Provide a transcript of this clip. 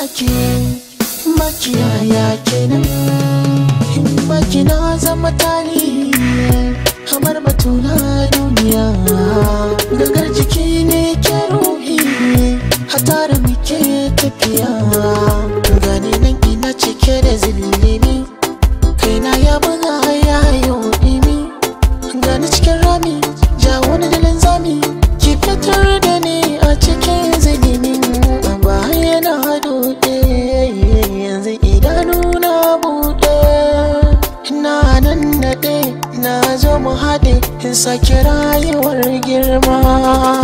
baki makiyaya kenan in baki na zama tani kamar batuna duniya gangar jiki ne ke ruhi hatara muke tafiya gane nan ina cike da zillimi kaina ya buga na zo mu haɗe in sake rayuwar girma